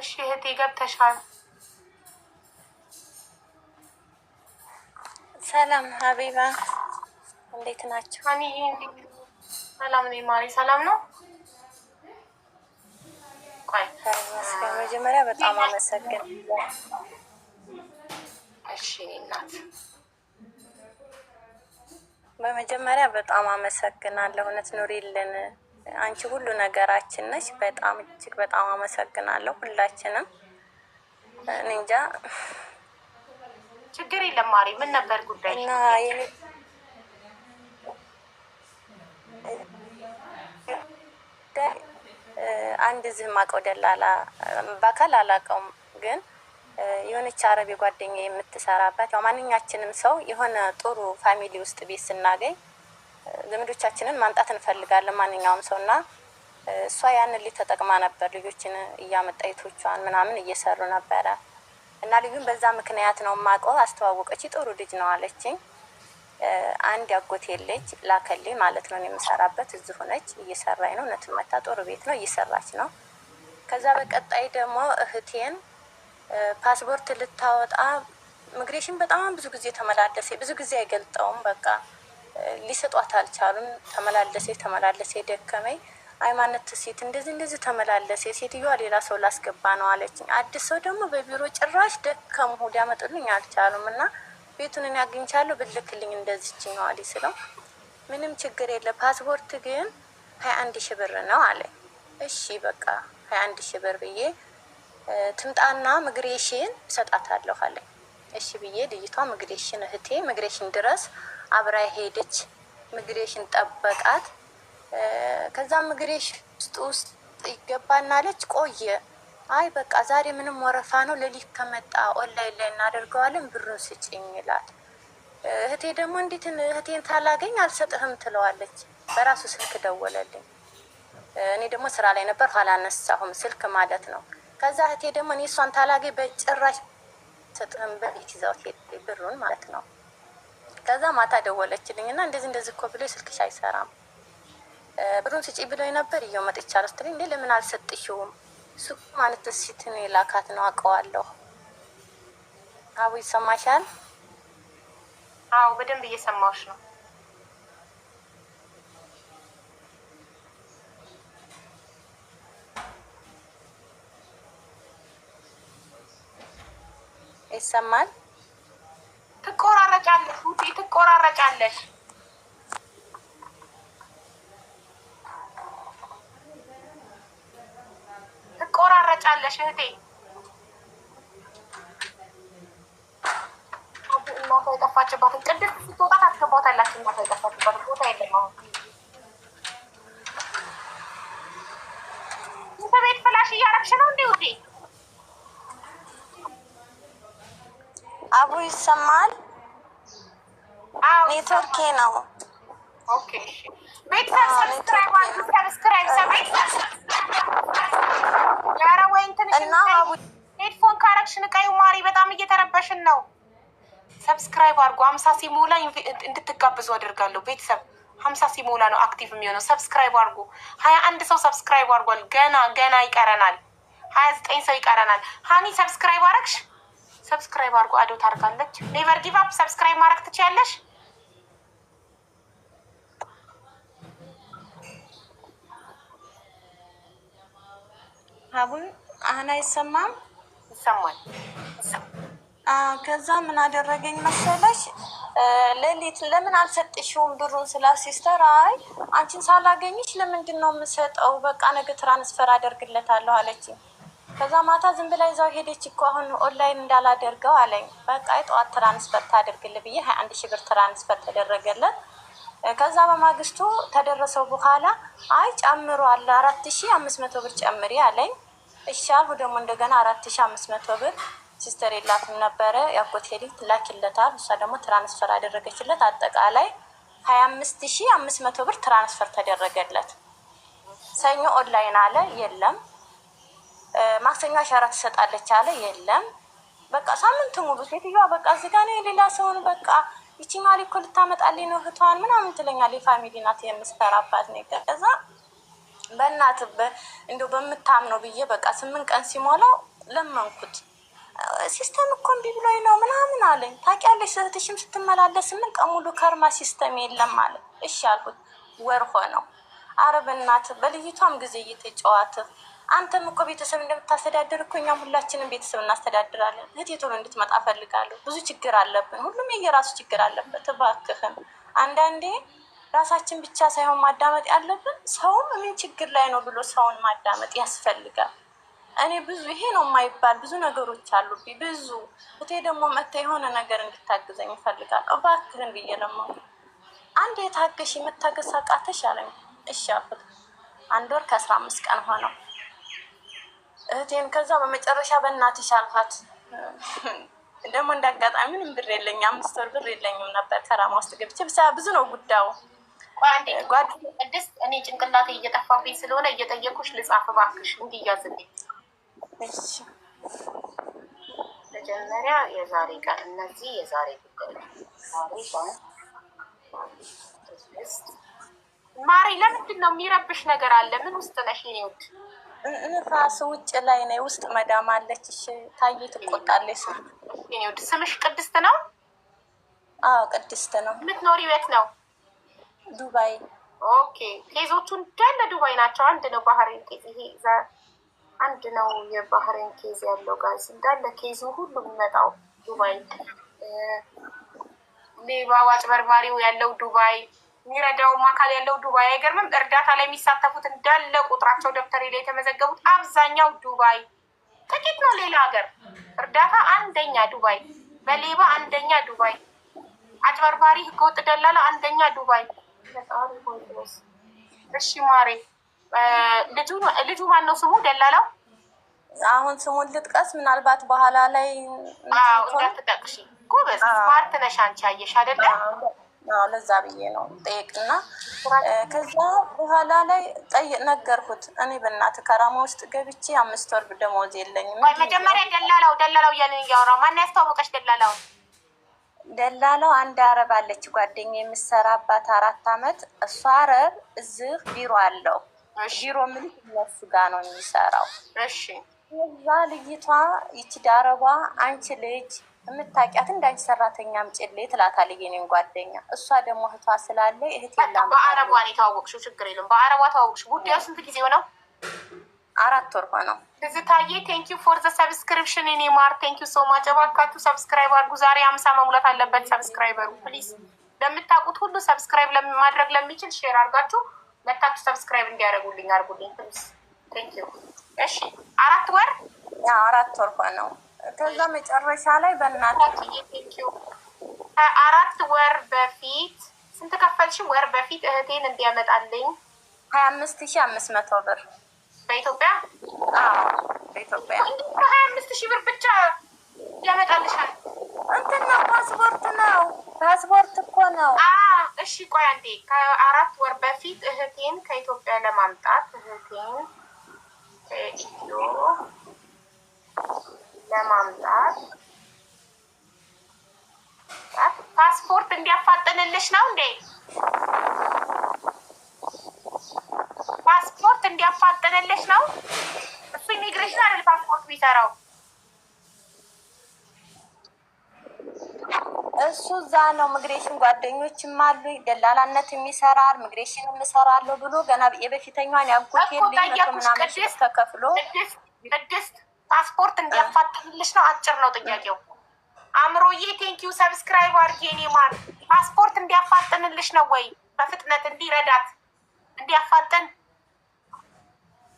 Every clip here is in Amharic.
እሺ እህቴ ገብተሻል። ሰላም ሀቢባ እንዴት ናቸው? ሰላም ነኝ ማሪ። ሰላም ነው። መጀመሪያ በጣም አመሰግን። እሺ እናት በመጀመሪያ በጣም አመሰግናለሁ። እውነት ኑሪልን አንቺ ሁሉ ነገራችን ነች። በጣም እጅግ በጣም አመሰግናለሁ ሁላችንም። እንጃ ችግር የለም ማሪ። ምን ነበር ጉዳይ? አንድ ዝህ ማቀው ደላላ በአካል አላውቀውም፣ ግን የሆነች አረብ ጓደኛ የምትሰራበት ያው ማንኛችንም ሰው የሆነ ጥሩ ፋሚሊ ውስጥ ቤት ስናገኝ ልምዶቻችንን ማምጣት እንፈልጋለን ማንኛውም ሰው እና እሷ ያንን ልጅ ተጠቅማ ነበር። ልጆችን እያመጣ የቶቿን ምናምን እየሰሩ ነበረ እና ልዩን በዛ ምክንያት ነው ማቀው አስተዋወቀች። ጥሩ ልጅ ነው አለችኝ። አንድ ያጎቴ ልጅ ላከልኝ ማለት ነው የምሰራበት እዚህ ሆነች እየሰራኝ ነው። እውነትን መታ ጦር ቤት ነው እየሰራች ነው። ከዛ በቀጣይ ደግሞ እህቴን ፓስፖርት ልታወጣ ኢሚግሬሽን በጣም ብዙ ጊዜ ተመላለሰ። ብዙ ጊዜ አይገልጠውም በቃ ሊሰጧት አልቻሉም። ተመላለሰ ተመላለሰ ደከመኝ። ሃይማኖት ሴት እንደዚህ እንደዚህ ተመላለሰ። ሴትዮዋ ሌላ ሰው ላስገባ ነው አለችኝ። አዲስ ሰው ደግሞ በቢሮ ጭራሽ ደከምሁ ሊያመጡልኝ አልቻሉም እና ቤቱን እኔ አግኝቻለሁ ብልክልኝ እንደዚች ነዋል ስለው ምንም ችግር የለ ፓስፖርት ግን ሀያ አንድ ሺ ብር ነው አለ። እሺ በቃ ሀያ አንድ ሺ ብር ብዬ ትምጣና ምግሬሽን እሰጣታለሁ አለ። እሺ ብዬ ልይቷ ምግሬሽን እህቴ ምግሬሽን ድረስ አብራ ሄደች። ምግሬሽን ጠበቃት። ከዛ ምግሬሽ ውስጥ ውስጥ ይገባናለች። ቆየ። አይ በቃ ዛሬ ምንም ወረፋ ነው፣ ሌሊት ከመጣ ኦንላይን ላይ እናደርገዋለን፣ ብሩን ስጭኝ ይላል። እህቴ ደግሞ እንዴት እህቴን ታላገኝ አልሰጥህም ትለዋለች። በራሱ ስልክ ደወለልኝ። እኔ ደግሞ ስራ ላይ ነበር፣ አላነሳሁም ስልክ ማለት ነው። ከዛ እህቴ ደግሞ እኔ እሷን ታላገኝ በጭራሽ ሰጥህም በቤት ይዛው ብሩን ማለት ነው ከዛ ማታ ደወለችልኝ እና እንደዚህ እንደዚህ እኮ ብሎ ስልክሽ አይሰራም ብሩን ስጪ ብሎ ነበር እየው መጥቻለሁ ስትለኝ እንዴ ለምን አልሰጥሽውም? እሱ ማለት ሲትን የላካት ነው አውቀዋለሁ። አቡ ይሰማሻል? አዎ በደንብ እየሰማዎች ነው። ይሰማል ትቆራረጫለሽ፣ ውጪ ትቆራረጫለሽ። ትቆራረጫለሽ እህቴ። እናቷ የጠፋችባትን ቅድም ስትወጣ ታስገባታላችሁ። እናቷ የጠፋችባት ቦታ የለም አሁን ቤት ፍላሽ እያረግሽ ነው እንዴ? ውዴ አቡ ይሰማል። ስልኬ ነው። ቤተሰብ ሄድፎን ካረግሽ ንቀዩ ማሪ፣ በጣም እየተረበሽን ነው። ሰብስክራይብ አድርጎ ሀምሳ ሲሞላ እንድትጋብዙ አድርጋለሁ ቤተሰብ ሀምሳ ሲሞላ ነው አክቲቭ የሚሆነው። ሰብስክራይብ አድርጎ ሀያ አንድ ሰው ሰብስክራይብ አድርጓል። ገና ገና ይቀረናል። ሀያ ዘጠኝ ሰው ይቀረናል። ሀኒ ሰብስክራይብ አረግሽ? ሰብስክራይብ አድርጎ አዶ ታርጋለች። ኔቨር ጊቭ አፕ ሰብስክራይብ ማድረግ ትችያለሽ። ሀቡን አሁን አይሰማም ይሰማል። ከዛ ምን አደረገኝ መሰለሽ ሌሊት ለምን አልሰጥሽውም ብሩን ስላ ሲስተር፣ አይ አንቺን ሳላገኝሽ ለምንድን ነው የምሰጠው? በቃ ነገ ትራንስፈር አደርግለታለሁ አለችኝ። ከዛ ማታ ዝም ብላ ይዛው ሄደች እኮ አሁን ኦንላይን እንዳላደርገው አለኝ። በቃ የጠዋት ትራንስፈር ታደርግል ብዬ ሀያ አንድ ብር ትራንስፈር ተደረገለት። ከዛ በማግስቱ ተደረሰው በኋላ አይ ጨምሯል አራት ሺህ አምስት መቶ ብር ጨምሪ አለኝ። እሺ አልሁ። ደግሞ እንደገና አራት ሺ አምስት መቶ ብር ሲስተር የላትም ነበረ የአጎቴ ልጅ ላኪለታል። እሷ ደግሞ ትራንስፈር አደረገችለት። አጠቃላይ ሀያ አምስት ሺ አምስት መቶ ብር ትራንስፈር ተደረገለት። ሰኞ ኦንላይን አለ የለም። ማክሰኞ አሻራ ትሰጣለች አለ የለም። በቃ ሳምንት ሙሉ ሴትዮዋ በቃ እዚህ ጋ ነው የሌላ ሰውን በቃ ይቺ ማሊ ልታመጣልኝ ነው እህቷን ምናምን ትለኛል። የፋሚሊ ናት የምስፈራባት ነገር እዛ በእናት እንደው በምታምነው ብዬ በቃ ስምንት ቀን ሲሞላው ለመንኩት። ሲስተም እኮ እምቢ ብሎኝ ነው ምናምን አለኝ። ታውቂያለሽ ስህትሽም ስትመላለስ ስምንት ቀን ሙሉ ከርማ ሲስተም የለም አለ። እሺ አልኩት። ወር ሆነው። አረብ እናት በልይቷም ጊዜ እየተጫዋት አንተም እኮ ቤተሰብ እንደምታስተዳድር እኮ እኛም ሁላችንም ቤተሰብ እናስተዳድራለን። እህቴ ቶሎ እንድትመጣ ፈልጋለሁ። ብዙ ችግር አለብን። ሁሉም የየራሱ ችግር አለበት። እባክህን አንዳንዴ ራሳችን ብቻ ሳይሆን ማዳመጥ ያለብን ሰውም ምን ችግር ላይ ነው ብሎ ሰውን ማዳመጥ ያስፈልጋል። እኔ ብዙ ይሄ ነው የማይባል ብዙ ነገሮች አሉብኝ። ብዙ እቴ ደግሞ መታ የሆነ ነገር እንድታግዘኝ ይፈልጋል። እባክህን ብዬ ደግሞ አንድ የታገሽ የመታገስ አቃተሽ አለኝ። እሺ አልኩት። አንድ ወር ከአስራ አምስት ቀን ሆነው እህቴን ከዛ በመጨረሻ በእናትሽ አልኳት። ደግሞ እንዳጋጣሚ ምንም ብር የለኝ፣ አምስት ወር ብር የለኝም ነበር ከራማ ውስጥ ገብቼ ብቻ ብዙ ነው ጉዳዩ። ቅድስት፣ እኔ ጭንቅላት እየጠፋብኝ ስለሆነ እየጠየኩሽ ልጻፍ እባክሽ እንዲያዝልኝ። መጀመሪያ የዛሬ ቀን እነዚህ የዛሬ ጉዳዮች ማሪ፣ ለምንድን ነው የሚረብሽ ነገር አለ? ምን ውስጥ ነሽ? ይሄድ ንፋስ ውጭ ላይ ነው። ውስጥ መዳም አለች። ታዬ ትቆጣለች። ስምሽ ቅድስት ነው? አዎ፣ ቅድስት ነው። የምትኖሪው የት ነው? ዱባይ። ኦኬ ኬዞቹ እንዳለ ዱባይ ናቸው። አንድ ነው ባህሬን ኬዝ፣ ይሄ አንድ ነው የባህሬን ኬዝ ያለው ጋዝ እንዳለ ኬዙ ሁሉ የሚመጣው ዱባይ። ሌባው አጭበርባሪው ያለው ዱባይ፣ የሚረዳውም አካል ያለው ዱባይ። አይገርምም? እርዳታ ላይ የሚሳተፉት እንዳለ ቁጥራቸው ደብተሬ ላይ የተመዘገቡት አብዛኛው ዱባይ፣ ጥቂት ነው ሌላ ሀገር። እርዳታ አንደኛ ዱባይ፣ በሌባ አንደኛ ዱባይ፣ አጭበርባሪ ህገወጥ ደላላ አንደኛ ዱባይ እሺ ማሬ፣ ልጁ ማን ነው ስሙ? ደላላው አሁን ስሙን ልጥቀስ፣ ምናልባት በኋላ ላይ እንዳትጠቅሽ። ጎበዝ ስማርት ነሽ አንቺ፣ አየሽ አይደለ? ለዛ ብዬ ነው ጠየቅና፣ ከዛ በኋላ ላይ ጠይቅ ነገርኩት። እኔ በእናትህ ከራማ ውስጥ ገብቼ አምስት ወር ደሞዝ የለኝም። መጀመሪያ ደላላው ደላላው እያለን እያወራሁ ማን ያስተዋወቀሽ ደላላውን? ደላላው አንድ አረብ አለች ጓደኛ የምሰራባት አራት አመት። እሱ አረብ እዚህ ቢሮ አለው። ቢሮ ምን እነሱ ጋር ነው የሚሰራው። እዛ ልይቷ ይቺ ዳረቧ አንቺ ልጅ የምታውቂያት እንደ አንቺ ሰራተኛ አምጪልኝ ትላታለች የእኔን ጓደኛ። እሷ ደግሞ እህቷ ስላለ እህት በአረቧ ነው የተዋወቅሽው። ችግር የለም በአረቧ ተዋወቅሽ። ጉዳዩ ስንት ጊዜ ሆነው? አራት ወር ሆነው። ትዝታዬ ቴንኪ ፎር ዘ ሰብስክሪፕሽን እኔ ማር ቴንኪ ሶ ማች። እባካችሁ ሰብስክራይብ አድርጉ። ዛሬ አምሳ መሙላት አለበት ሰብስክራይበሩ። ፕሊዝ ለምታውቁት ሁሉ ሰብስክራይብ ማድረግ ለሚችል ሼር አድርጋችሁ መታችሁ ሰብስክራይብ እንዲያደርጉልኝ አድርጉልኝ ፕሊዝ። ቴንኪ እሺ። አራት ወር አራት ወር ሆነው። ከዛ መጨረሻ ላይ በእናትዬ አራት ወር በፊት ስንት ከፈልሽ? ወር በፊት እህቴን እንዲያመጣልኝ ሀያ አምስት ሺ አምስት መቶ ብር በኢትዮጵያ በኢትዮጵያ ሀያ አምስት ሺህ ብር ብቻ ያመጣልሻል። እንትን ነው ፓስፖርት ነው ፓስፖርት እኮ ነው። እሺ ቆይ አንዴ ከአራት ወር በፊት እህቴን ከኢትዮጵያ ለማምጣት እህቴን ከኢትዮ ለማምጣት ፓስፖርት እንዲያፋጥንልሽ ነው እንዴ? እንዲያፋጠነለች ነው። እሱ ኢሚግሬሽን አይደል ፓስፖርት ቢሰራው እሱ እዛ ነው ኢሚግሬሽን ጓደኞችም አሉ። ደላላነት ይሰራል ኢሚግሬሽንም እሰራለሁ ብሎ ገና የበፊተኛን ያጎቴ ልጅ ተከፍሎ ቅድስት ፓስፖርት እንዲያፋጥንልሽ ነው። አጭር ነው ጥያቄው። አእምሮዬ ቴንኪዩ ሰብስክራይብ አድርጌ እኔ ማር ፓስፖርት እንዲያፋጥንልሽ ነው ወይ በፍጥነት እንዲረዳት እንዲያፋጥን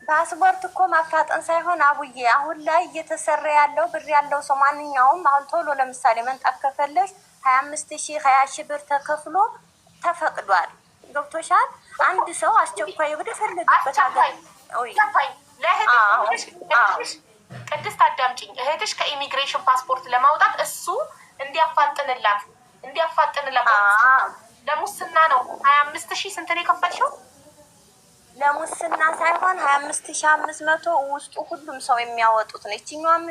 ፓስፖርት እኮ ማፋጠን ሳይሆን አቡዬ አሁን ላይ እየተሰራ ያለው ብር ያለው ሰው ማንኛውም አሁን ቶሎ ለምሳሌ መንጣት ከፈለሽ ሀያ አምስት ሺ ሀያ ሺ ብር ተከፍሎ ተፈቅዷል። ገብቶሻል። አንድ ሰው አስቸኳይ ወደ ፈለግበት ሀገር ቅድስት አዳምጪኝ። እህትሽ ከኢሚግሬሽን ፓስፖርት ለማውጣት እሱ እንዲያፋጥንላት እንዲያፋጥንላት ለሙስና ነው ሀያ አምስት ሺህ ስንትን የከፈልሽው ለሙስና ሳይሆን ሀያ አምስት ሺ አምስት መቶ ውስጡ ሁሉም ሰው የሚያወጡት ነው። ይችኛም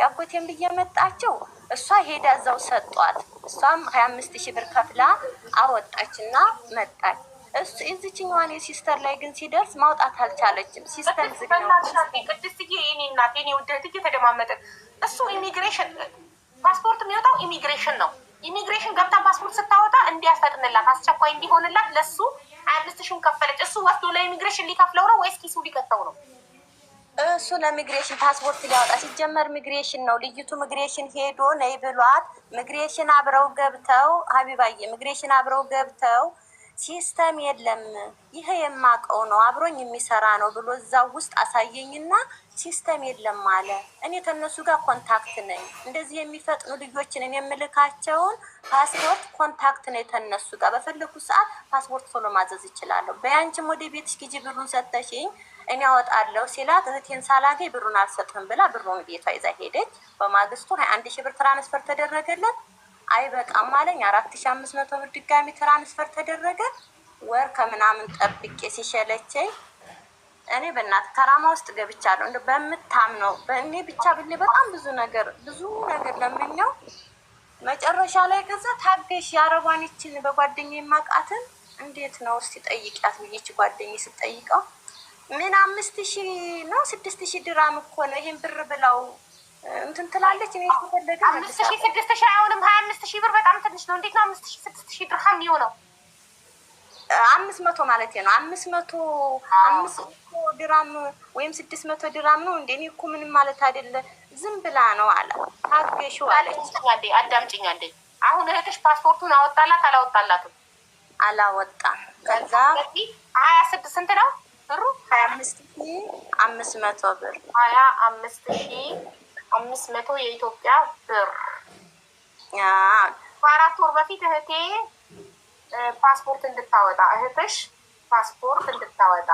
ያጎቴን ብዬ መጣችው እሷ ሄዳ እዛው ሰጧት። እሷም ሀያ አምስት ሺ ብር ከፍላ አወጣች እና መጣች። እሱ እዚችኛዋን የሲስተር ላይ ግን ሲደርስ ማውጣት አልቻለችም። ሲስተር ቅድስትዬ፣ የኔ እናት፣ የኔ ውድ እህትዬ ተደማመጠ። እሱ ኢሚግሬሽን ፓስፖርት የሚወጣው ኢሚግሬሽን ነው። ኢሚግሬሽን ገብታ ፓስፖርት ስታወጣ እንዲያስፈጥንላት አስቸኳይ እንዲሆንላት ለሱ አምስት ሺውን ከፈለች። እሱ ወስዶ ለኢሚግሬሽን ሊከፍለው ነው ወይስ ኪሱ ሊከተው ነው? እሱ ለሚግሬሽን ፓስፖርት ሊያወጣ ሲጀመር ሚግሬሽን ነው። ልዩቱ ሚግሬሽን ሄዶ ነይ ብሏት፣ ሚግሬሽን አብረው ገብተው ሀቢባዬ ሚግሬሽን አብረው ገብተው ሲስተም የለም። ይሄ የማውቀው ነው አብሮኝ የሚሰራ ነው ብሎ እዛው ውስጥ አሳየኝና ሲስተም የለም አለ። እኔ ከእነሱ ጋር ኮንታክት ነኝ፣ እንደዚህ የሚፈጥኑ ልጆችን የምልካቸውን ፓስፖርት ኮንታክት ነኝ ከእነሱ ጋር በፈለኩ ሰዓት ፓስፖርት ቶሎ ማዘዝ ይችላለሁ። በያንችም ወደ ቤትሽ ጊዜ ብሩን ሰተሽኝ እኔ አወጣለሁ ሲላት እህቴን ሳላገኝ ብሩን አልሰጥም ብላ ብሩን ቤቷ ይዛ ሄደች። በማግስቱ ሀያ አንድ ሺህ ብር ትራንስፈር ተደረገለት። አይበቃም አለኝ። አራት ሺ አምስት መቶ ብር ድጋሚ ትራንስፈር ተደረገ። ወር ከምናምን ጠብቄ ሲሸለቸኝ እኔ በእናት ከራማ ውስጥ ገብቻለሁ። እንደ በምታምነው በእኔ ብቻ ብሌ በጣም ብዙ ነገር ብዙ ነገር ለምኛው መጨረሻ ላይ ከዛ ታገሽ የአረቧን ይችን በጓደኛ የማውቃትን እንዴት ነው እስቲ ጠይቂያት ብዬች ጓደኝ ስጠይቀው ምን አምስት ሺህ ነው ስድስት ሺህ ድራም እኮ ነው ይህን ብር ብላው እንትን ትላለች። እኔ ተፈለገ አምስት ሺ ስድስት ሺ አይሆንም። ሀያ አምስት ሺ ብር በጣም ትንሽ ነው። እንዴት ነው አምስት ሺ ስድስት ሺ ድርሃም የሚሆነው? አምስት መቶ ማለት ነው። አምስት መቶ አምስት መቶ ድራም ወይም ስድስት መቶ ድራም ነው። እንዴ? እኔ እኮ ምንም ማለት አይደለ፣ ዝም ብላ ነው አለ ታገሹ አለች። አዳምጭኛ አንዴ። አሁን እህትሽ ፓስፖርቱን አወጣላት አላወጣላትም? አላወጣም። ከዛ ሀያ ስድስት ስንት ነው ብሩ? ሀያ አምስት ሺ አምስት መቶ ብር ሀያ አምስት ሺ አምስት መቶ የኢትዮጵያ ብር ከአራት ወር በፊት እህቴ ፓስፖርት እንድታወጣ እህትሽ ፓስፖርት እንድታወጣ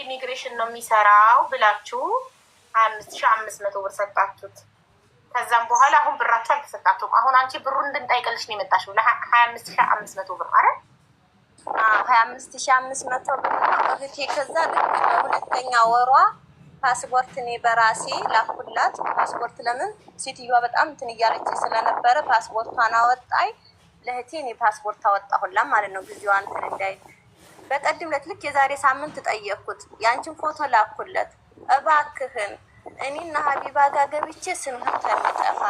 ኢሚግሬሽን ነው የሚሰራው ብላችሁ አምስት ሺ አምስት መቶ ብር ሰጣችሁት። ከዛም በኋላ አሁን ብራችሁ አልተሰጣችሁም። አሁን አንቺ ብሩ እንድንጠይቅልሽ ነው የመጣችው ለሀያ አምስት ሺ አምስት መቶ ብር ማለት ሀያ አምስት ሺ አምስት መቶ እህቴ ከዛ በሁለተኛ ወሯ ፓስፖርት እኔ በራሴ ላኩላት። ፓስፖርት ለምን ሴትዮዋ በጣም እንትን እያለች ስለነበረ ፓስፖርቷን አወጣይ ለእህቴ እኔ ፓስፖርት አወጣሁላም ማለት ነው። ጊዜዋ እንትን እንዳይ በቀድም ዕለት ልክ የዛሬ ሳምንት ጠየቅኩት። ያንቺን ፎቶ ላኩለት እባክህን እኔና ሀቢባ ጋር ገብቼ ስምህን ከሚጠፋ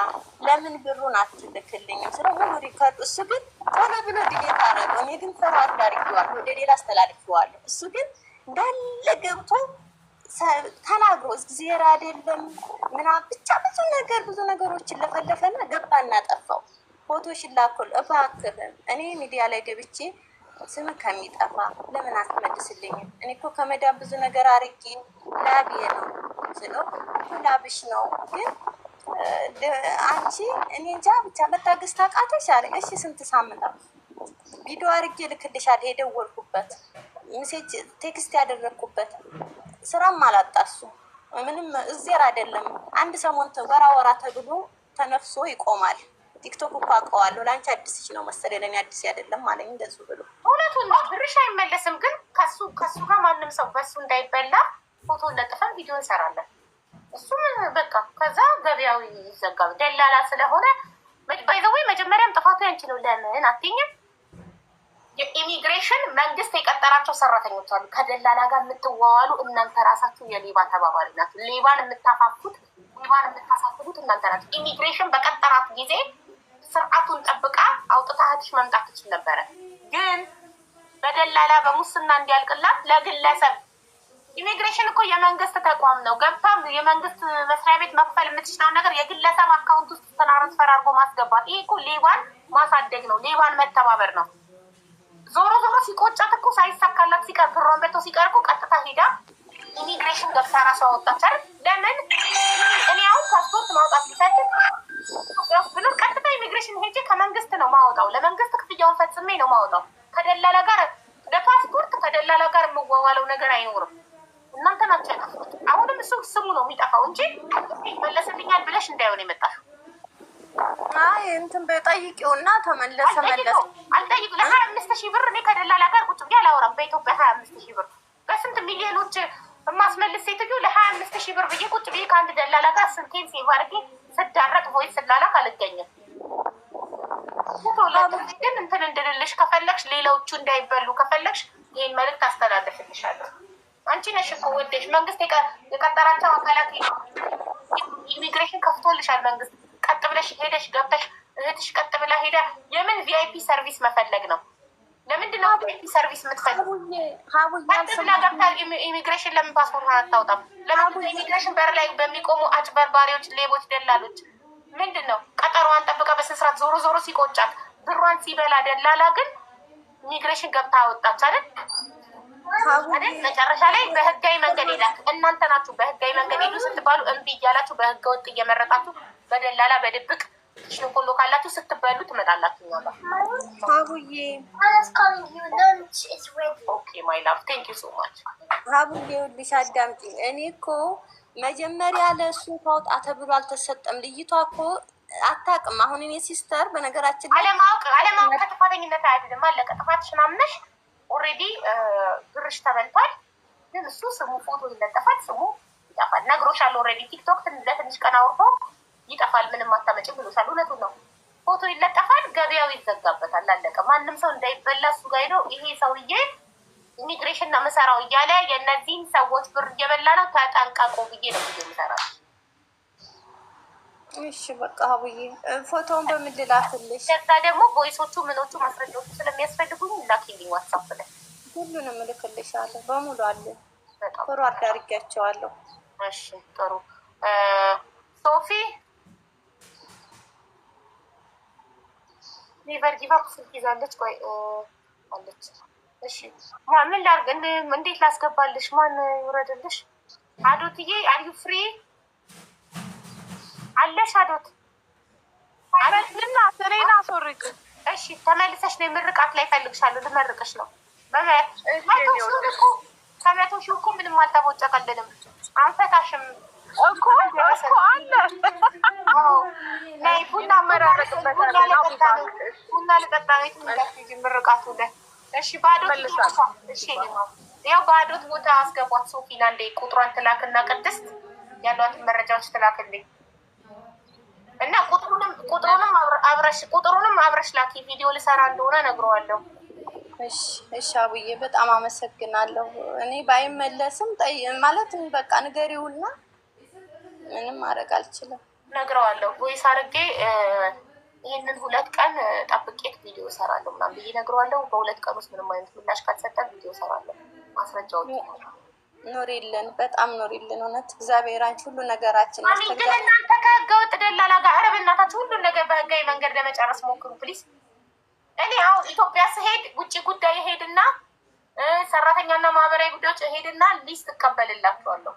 ለምን ብሩን አትልክልኝም? ስለ ሁሉ ሪከርድ እሱ ግን ቶሎ ብሎ ድሌት አደረገው። እኔ ግን ፈራድ አድርጌዋለሁ፣ ወደ ሌላ አስተላልፊዋለሁ። እሱ ግን እንዳለ ገብቶ ተናግሮ እግዜር አይደለም ምና ብቻ ብዙ ነገር ብዙ ነገሮችን ለፈለፈና ገባ እናጠፋው ፎቶ ሽላኮል እባክህን እኔ ሚዲያ ላይ ገብቼ ስም ከሚጠፋ ለምን አትመልስልኝም? እኔ እኮ ከመዳም ብዙ ነገር አርጌ ላብዬ ነው ስለው ኩላብሽ ነው ግን አንቺ እኔ እንጃ ብቻ መታገስ ታቃተሽ አለኝ። እሺ ስንት ሳምንት ቪዲዮ አድርጌ ልክልሻለሁ። የደወልኩበት ሜሴጅ ቴክስት ያደረግኩበት ስራም አላጣሱ ምንም እዜር አይደለም። አንድ ሰሞን ወራ ወራ ተብሎ ተነፍሶ ይቆማል። ቲክቶክ እኮ አውቀዋለሁ። ለአንቺ አዲስሽ ነው መሰለኝ፣ ለእኔ አዲስ አይደለም አለኝ። እንደሱ ብሎ እውነቱን ነው። ብርሽ አይመለስም ግን ከሱ ከሱ ጋር ማንም ሰው በሱ እንዳይበላ ፎቶ ለጥፈን ቪዲዮ እንሰራለን። እሱም በቃ ከዛ ገበያው ይዘጋል። ደላላ ስለሆነ ባይዘዌ መጀመሪያም ጥፋቱ ያንቺ ነው። ለምን አትይኝም? የኢሚግሬሽን መንግስት የቀጠራቸው ሰራተኞች አሉ። ከደላላ ጋር የምትዋዋሉ እናንተ ራሳችሁ የሌባ ተባባሪ ናችሁ። ሌባን የምታፋፉት ሌባን የምታሳፍሉት እናንተ ናችሁ። ኢሚግሬሽን በቀጠራት ጊዜ ስርዓቱን ጠብቃ አውጥታ እህትሽ መምጣት ትችል ነበረ። ግን በደላላ በሙስና እንዲያልቅላት ለግለሰብ ኢሚግሬሽን እኮ የመንግስት ተቋም ነው። ገብታም የመንግስት መስሪያ ቤት መክፈል የምትችለው ነገር የግለሰብ አካውንት ውስጥ ትራንስፈር አድርጎ ማስገባት፣ ይሄ እኮ ሌባን ማሳደግ ነው። ሌባን መተባበር ነው። ዞሮ ዞሮ ሲቆጫት እኮ ሳይሳካላት ሲቀር ፕሮንቤቶ ሲቀር እኮ ቀጥታ ሄዳ ኢሚግሬሽን ገብታ ራሷ አወጣ አይደል? ለምን እኔ አሁን ፓስፖርት ማውጣት ቢፈልግ ብሎ ቀጥታ ኢሚግሬሽን ሄጄ ከመንግስት ነው ማወጣው። ለመንግስት ክፍያውን ፈጽሜ ነው ማወጣው። ከደላላ ጋር ለፓስፖርት ከደላላ ጋር የምዋዋለው ነገር አይኖርም። እናንተ ናቸው ያጠፉት። አሁንም እሱ ስሙ ነው የሚጠፋው እንጂ መለሰልኛል ብለሽ እንዳይሆን የመጣሽ አይ እንትን እና ተመለሰ መለሰ አልጠይቅ ለሀያ አምስት ሺህ ብር እኔ ከደላላ ጋር ቁጭ ብዬ አላወራም። በኢትዮጵያ ሀያ አምስት ሺህ ብር በስንት ሚሊዮኖች የማስመልስ ሴትዮ ለሀያ አምስት ሺህ ብር ብዬ ቁጭ ብዬ ከአንድ ደላላ ጋር ስንቴን ሴቭ አድርጌ ስዳረቅ ወይ ስላላክ አልገኝም። ግን እንትን እንድልልሽ ከፈለግሽ ሌላዎቹ እንዳይበሉ ከፈለግሽ ይህን መልዕክት አስተላለፍልሻለሁ። አንቺ ነሽ እኮ ወደሽ መንግስት የቀጠራቸው አካላት ኢሚግሬሽን ከፍቶልሻል። መንግስት ቀጥ ብለሽ ሄደሽ ገብተሽ እህትሽ ቀጥ ብላ ሄደ የምን ቪአይፒ ሰርቪስ መፈለግ ነው? ለምንድን ነው ቪአይፒ ሰርቪስ የምትፈልግ? ቀጥ ብላ ገብታ ኢሚግሬሽን ለምን ፓስፖርት አታውጣም? ለምን ኢሚግሬሽን በር ላይ በሚቆሙ አጭበርባሪዎች፣ ሌቦች፣ ደላሎች ምንድን ነው ቀጠሮዋን ጠብቃ በስንት ዞሮ ዞሮ ሲቆጫት ብሯን ሲበላ ደላላ ግን ኢሚግሬሽን ገብታ አወጣች አይደል? መጨረሻ ላይ በህጋዊ መንገድ ይላክ። እናንተ ናችሁ በህጋዊ መንገድ ሄዱ ስትባሉ እምቢ እያላችሁ በህገ ወጥ እየመረጣችሁ በደላላ በድብቅ ሽንኩሎ ካላችሁ ስትበሉ ትመጣላችሁ። ሀቡዬ እኔ እኮ መጀመሪያ ለእሱ ታውጣ ተብሎ አልተሰጠም። ልይቷ እኮ አታውቅም። አሁን እኔ ሲስተር፣ በነገራችን አለማወቅ አለማወቅ ከጥፋተኝነት አያድንም። አለቀ ጥፋትሽን አምነሽ ኦሬዲ ብርሽ ተበልቷል። ግን እሱ ስሙ ፎቶ ይለጠፋል፣ ስሙ ይጠፋል። ነግሮሻል። ኦሬዲ ቲክቶክ ለትንሽ ቀን አውርቶ ይጠፋል፣ ምንም አታመጭም ብሎሻል። እውነቱን ነው። ፎቶ ይለጠፋል፣ ገበያው ይዘጋበታል። አለቀ። ማንም ሰው እንዳይበላ እሱ ጋር ሄዶ ይሄ ሰውዬ ኢሚግሬሽን ነው የምሰራው እያለ የእነዚህን ሰዎች ብር እየበላ ነው። ተጠንቀቁ ብዬ ነው ብዬ የምሰራው እሺ በቃ አቡዬ ፎቶውን በምድል አትልሽ። ከዛ ደግሞ ቦይሶቹ ምኖቹ ማስረጃዎቹ ስለሚያስፈልጉኝ ላኪልኝ ዋትሳፕ ላይ ሁሉንም እልክልሻለሁ። በሙሉ አለ ጥሩ አዳርጊያቸዋለሁ። እሺ ጥሩ ሶፊ ሊቨር ጊቫፕ ስልክ ይዛለች። ቆይ አለች። እሺ ማ ምን ላርግ? እንዴት ላስገባልሽ? ማን ይውረድልሽ? አዶትዬ አዩ ፍሪ አለሽ አዶት ስሬና እሺ፣ ተመልሰሽ ነው የምርቃት ላይ ፈልግሻለሁ። ልመርቅሽ ነው። ከመቶ እኮ ምንም አልተቦጨቀልንም። አንፈታሽም እኮ እኮ አለ ቡና መራረቅበታቡና ልጠጣ ቤት ዚ ምርቃቱ ለ እሺ፣ ባዶት እሺ፣ ያው ባዶት ቦታ አስገቧት። ቁጥሯን ትላክና ቅድስት ያሏትን መረጃዎች ትላክልኝ። ቁጥሩንም አብረሽ ላኪ። ቪዲዮ ልሰራ እንደሆነ ነግረዋለሁ። እሺ አቡዬ በጣም አመሰግናለሁ። እኔ ባይመለስም ጠይ ማለት በቃ ንገሪውና ምንም ማድረግ አልችልም። ነግረዋለሁ ወይስ አድርጌ ይህንን ሁለት ቀን ጠብቄት ቪዲዮ እሰራለሁ ምናምን ብዬ ነግረዋለሁ። በሁለት ቀን ውስጥ ምንም አይነት ምላሽ ካልሰጠ ቪዲዮ እሰራለሁ ማስረጃዎች ኑሪልን፣ በጣም ኑሪልን። እውነት እግዚአብሔር አንቺ ሁሉ ነገራችን ነሽ። ግን እናንተ ከህገ ወጥ ደላላ ጋር አረብ እናታችን ሁሉ ነገር በህጋዊ መንገድ ለመጨረስ ሞክሩ ፕሊስ። እኔ አሁ ኢትዮጵያ ስሄድ ውጭ ጉዳይ ሄድና ሰራተኛና ማህበራዊ ጉዳዮች ሄድና ሊስት እቀበልላቸዋለሁ።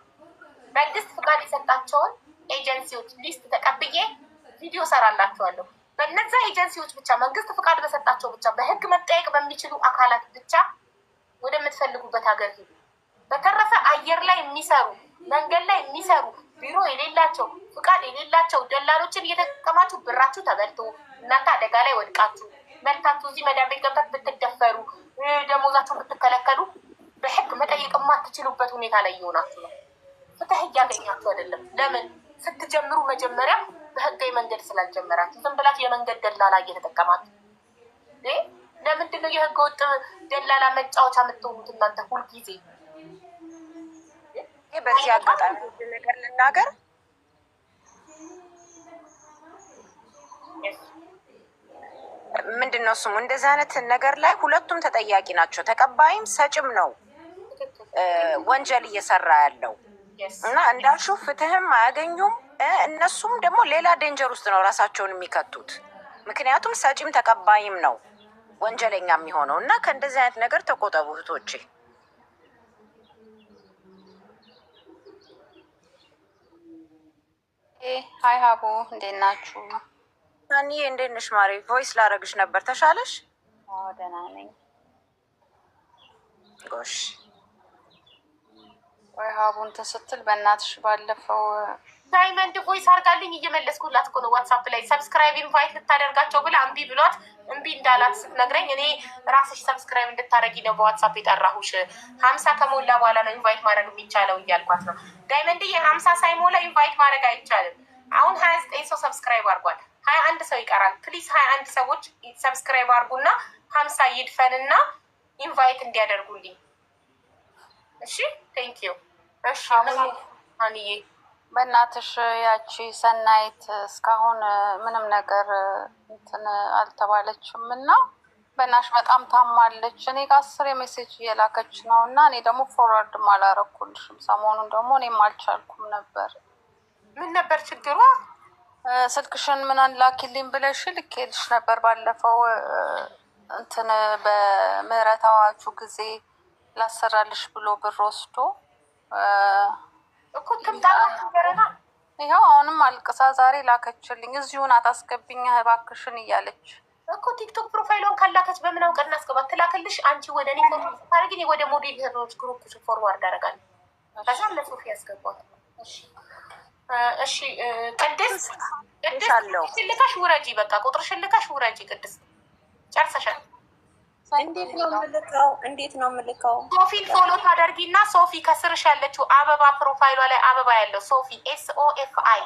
መንግስት ፍቃድ የሰጣቸውን ኤጀንሲዎች ሊስት ተቀብዬ ቪዲዮ ሰራላቸዋለሁ። በነዛ ኤጀንሲዎች ብቻ መንግስት ፍቃድ በሰጣቸው ብቻ በህግ መጠየቅ በሚችሉ አካላት ብቻ ወደምትፈልጉበት ሀገር ሄዱ። በተረፈ አየር ላይ የሚሰሩ መንገድ ላይ የሚሰሩ ቢሮ የሌላቸው ፍቃድ የሌላቸው ደላሎችን እየተጠቀማችሁ ብራችሁ ተበልቶ እናንተ አደጋ ላይ ወድቃችሁ መልካችሁ እዚህ መዳን ቤት ገብታት ብትደፈሩ ደሞዛችሁን ብትከለከሉ በሕግ መጠየቅ የማትችሉበት ሁኔታ ላይ እየሆናችሁ ነው። ፍትህ እያገኛችሁ አይደለም። ለምን ስትጀምሩ መጀመሪያ በህጋዊ መንገድ ስላልጀመራችሁ ዝም ብላችሁ የመንገድ ደላላ እየተጠቀማችሁ ለምንድነው የህገ ወጥ ደላላ መጫወቻ የምትሆኑት እናንተ ሁልጊዜ? በዚህ አጋጣሚ ነገር ልናገር ምንድን ነው ስሙ እንደዚህ አይነት ነገር ላይ ሁለቱም ተጠያቂ ናቸው። ተቀባይም ሰጭም ነው ወንጀል እየሰራ ያለው እና እንዳልሹ ፍትህም አያገኙም። እነሱም ደግሞ ሌላ ዴንጀር ውስጥ ነው ራሳቸውን የሚከቱት። ምክንያቱም ሰጪም ተቀባይም ነው ወንጀለኛ የሚሆነው እና ከእንደዚህ አይነት ነገር ተቆጠቡ እህቶቼ። ሀይ ሀቦ እንዴት ናችሁ? ሳኒ እንዴት ነሽ? ማሬ ቮይስ ላረግሽ ነበር ተሻለሽ? አዎ ደህና ነኝ። ጎሽ ቆይ ሀቡ እንትን ስትል በእናትሽ ባለፈው ዳይመንድ ቮይስ አርጋልኝ እየመለስኩላት እኮ ነው። ዋትሳፕ ላይ ሰብስክራይብ ኢንቫይት ልታደርጋቸው ብላ እምቢ ብሏት እምቢ እንዳላት ስትነግረኝ እኔ ራስሽ ሰብስክራይብ እንድታደረጊ ነው በዋትሳፕ የጠራሁሽ። ሀምሳ ከሞላ በኋላ ነው ኢንቫይት ማድረግ የሚቻለው እያልኳት ነው። ዳይመንድ የሀምሳ ሳይሞላ ኢንቫይት ማድረግ አይቻልም። አሁን ሀያ ዘጠኝ ሰው ሰብስክራይብ አርጓል። ሀያ አንድ ሰው ይቀራል። ፕሊዝ ሀያ አንድ ሰዎች ሰብስክራይብ አርጉና ሀምሳ ይድፈንና ኢንቫይት እንዲያደርጉልኝ እሺ። ዩ እሺ። አንዬ በእናትሽ ያቺ ሰናይት እስካሁን ምንም ነገር እንትን አልተባለችም እና በእናትሽ በጣም ታማለች። እኔ ጋር አስር የሜሴጅ እየላከች ነው እና እኔ ደግሞ ፎርዋርድ አላረኩልሽም። ሰሞኑን ደግሞ እኔም አልቻልኩም ነበር። ምን ነበር ችግሯ? ስልክሽን ምናን ላኪልኝ ብለሽ ልኬልሽ ነበር ባለፈው እንትን በምህረት አዋጁ ጊዜ ላሰራልሽ ብሎ ብር ወስዶ እኮ ይኸው አሁንም አልቅሳ ዛሬ ላከችልኝ። እዚሁ ናት አስገብኝ እባክሽን እያለች እኮ ቲክቶክ ፕሮፋይሏን ካላከች በምን አውቀ እናስገባት? ትላክልሽ አንቺ ወደ እኔ ታደረግኝ ወደ ሞዴል ህሮች ግሩፕ ፎርዋርድ አደርጋለሁ። ከዛ ለሶፊ ያስገባት። እሺ ቅድስት ቅድስት ልካሽ ውረጂ፣ በቃ ቁጥርሽን ልካሽ ውረጂ። ቅድስት ጨርሰሻል። እንዴት ነው የምልከው? እንዴት ነው የምልከው? ሶፊን ፎሎ ታደርጊ እና ሶፊ ከስርሽ ያለችው አበባ ፕሮፋይሏ ላይ አበባ ያለው ሶፊ ኤስ ኦ ኤፍ አይ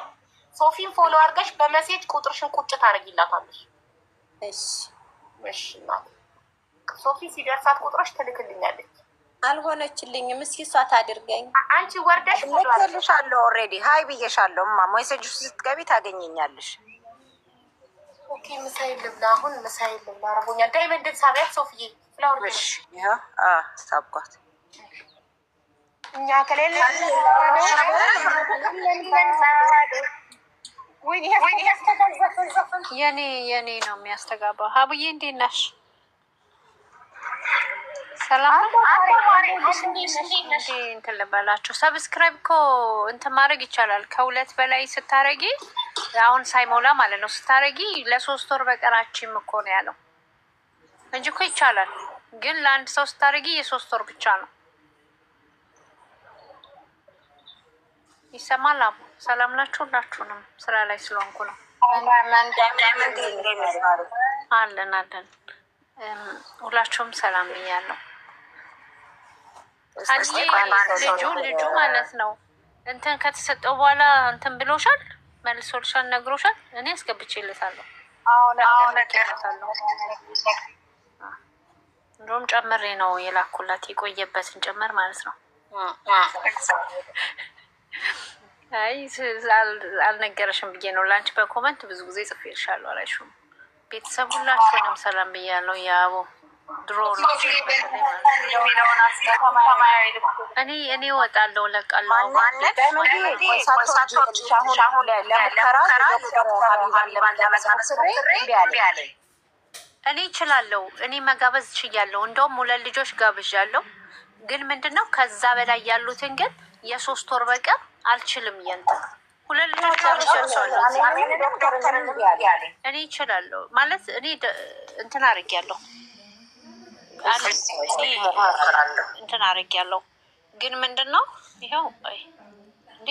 ሶፊን ፎሎ አድርገሽ በመሴጅ ቁጥርሽን ቁጭ ታደርጊላታለሽ። ሶፊ ሲደርሳት ቁጥሮች ትልክልኛለች። አልሆነችልኝም። እስኪ እሷ ታድርገኝ። አንቺ ወርደሽ ልክልሻለሁ። ኦልሬዲ ሀይ ብዬሻለሁ። ማ ሜሴጅ ስትገቢ ታገኘኛለሽ። ኦኬ፣ ምሳዬን ልብላ። አሁን ምሳዬን ልብላ፣ አርቦኛል። ዳይመንድን ሳቢያት ሶፍዬ ፍላወር እኛ ከሌለ የኔ የኔ ነው የሚያስተጋባ። ሀቡዬ እንዴት ነሽ? ሰላም እንትን ልበላችሁ። ሰብስክራይብ እኮ እንትን ማድረግ ይቻላል። ከሁለት በላይ ስታረጊ አሁን ሳይሞላ ማለት ነው ስታረጊ ለሶስት ወር በቀራችም እኮ ነው ያለው እንጂ እኮ ይቻላል። ግን ለአንድ ሰው ስታረጊ የሶስት ወር ብቻ ነው። ይሰማል? አቡ ሰላም ናችሁ? ሁላችሁንም ስራ ላይ ስለሆንኩ ነው። አለን አለን። ሁላችሁም ሰላም ብያለሁ። ልጁ ልጁ ማለት ነው እንትን ከተሰጠው በኋላ እንትን ብሎሻል፣ መልሶልሻል፣ ነግሮሻል። እኔ አስገብቼለታለሁ፣ እንዲሁም ጨምሬ ነው የላኩላት የቆየበትን ጭምር ማለት ነው። አይ አልነገረሽም ብዬ ነው ለአንቺ በኮመንት ብዙ ጊዜ ጽፌልሻለሁ አላልሽም? ቤተሰብ ሁላችሁንም ሰላም ብያለሁ። የአቦ ድሮ እኔ እኔ እወጣለሁ እለቃለሁ። እኔ እችላለሁ። እኔ መጋበዝ እችላለሁ። እንደውም ሁለት ልጆች ጋብዣለሁ። ግን ምንድን ነው ከዛ በላይ ያሉትን ግን የሶስት ወር በቀር አልችልም። የንትን ሁለት ልጆች ጋብዣለሁ። እኔ እችላለሁ ማለት እኔ እንትን አድርጌያለሁ እንትን አርግ ያለው ግን ምንድን ነው ይኸው እንዴ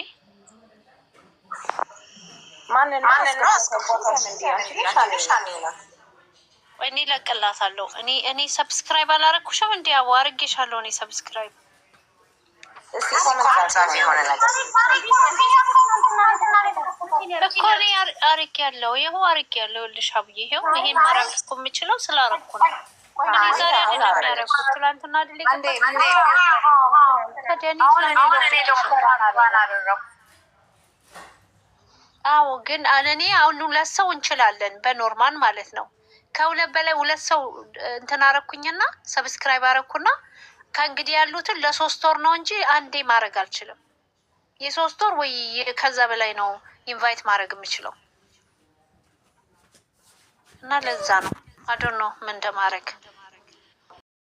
እኔ ለቅላታለሁ። እኔ እኔ ሰብስክራይብ አላረኩሽም። እንዲ አዎ አርጌሻለሁ። እኔ ሰብስክራይብ እኮ እኔ ያለው ይኸው ያለው ልሽ አብዬ ይኸው ይሄን ማረግ እኮ የምችለው ስላረኩ ነው። አዎ ግን እኔ አሁን ሁለት ሰው እንችላለን በኖርማል ማለት ነው። ከሁለት በላይ ሁለት ሰው እንትን አረኩኝና ሰብስክራይብ አረኩና ከእንግዲህ ያሉትን ለሶስት ወር ነው እንጂ አንዴ ማድረግ አልችልም። የሶስት ወር ወይ ከዛ በላይ ነው ኢንቫይት ማድረግ የምችለው እና ለዛ ነው አዶኖ ምን እንደማድረግ